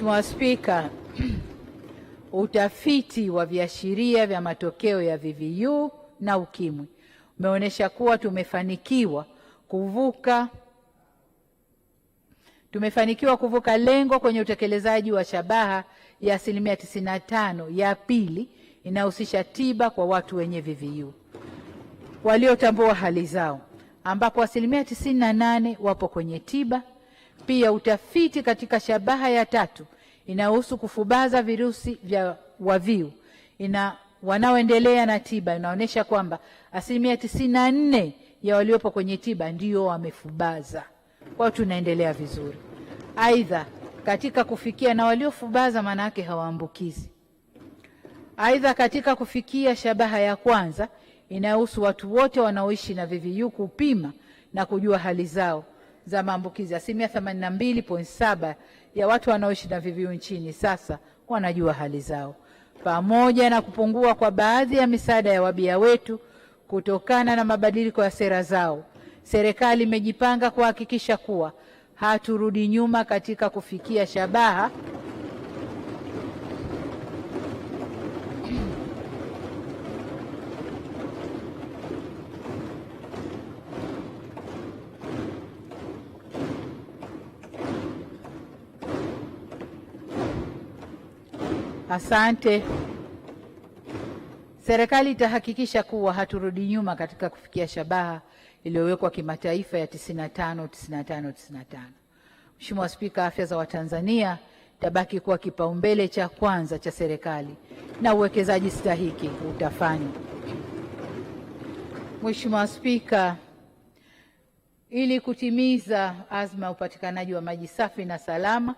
Mheshimiwa Spika, utafiti wa viashiria vya matokeo ya VVU na ukimwi umeonyesha kuwa tumefanikiwa kuvuka tumefanikiwa kuvuka lengo kwenye utekelezaji wa shabaha ya asilimia 95 ya pili inayohusisha tiba kwa watu wenye VVU waliotambua hali zao, ambapo asilimia 98 wapo kwenye tiba pia utafiti katika shabaha ya tatu inayohusu kufubaza virusi vya waviu ina wanaoendelea na tiba inaonyesha kwamba asilimia tisini na nne ya waliopo kwenye tiba ndio wamefubaza. Kwa hiyo tunaendelea vizuri. Aidha, katika kufikia na waliofubaza, maana yake hawaambukizi. Aidha, katika kufikia shabaha ya kwanza inayohusu watu wote wanaoishi na VVU kupima na kujua hali zao za maambukizi. Asilimia saba ya watu wanaoishi na VVU nchini sasa wanajua hali zao, pamoja na kupungua kwa baadhi ya misaada ya wabia wetu kutokana na mabadiliko ya sera zao. Serikali imejipanga kuhakikisha kuwa haturudi nyuma katika kufikia shabaha Asante. Serikali itahakikisha kuwa haturudi nyuma katika kufikia shabaha iliyowekwa kimataifa ya 95 95 95. Mheshimiwa Spika, afya za Watanzania itabaki kuwa kipaumbele cha kwanza cha serikali na uwekezaji stahiki utafanywa. Mheshimiwa Spika, ili kutimiza azma ya upatikanaji wa maji safi na salama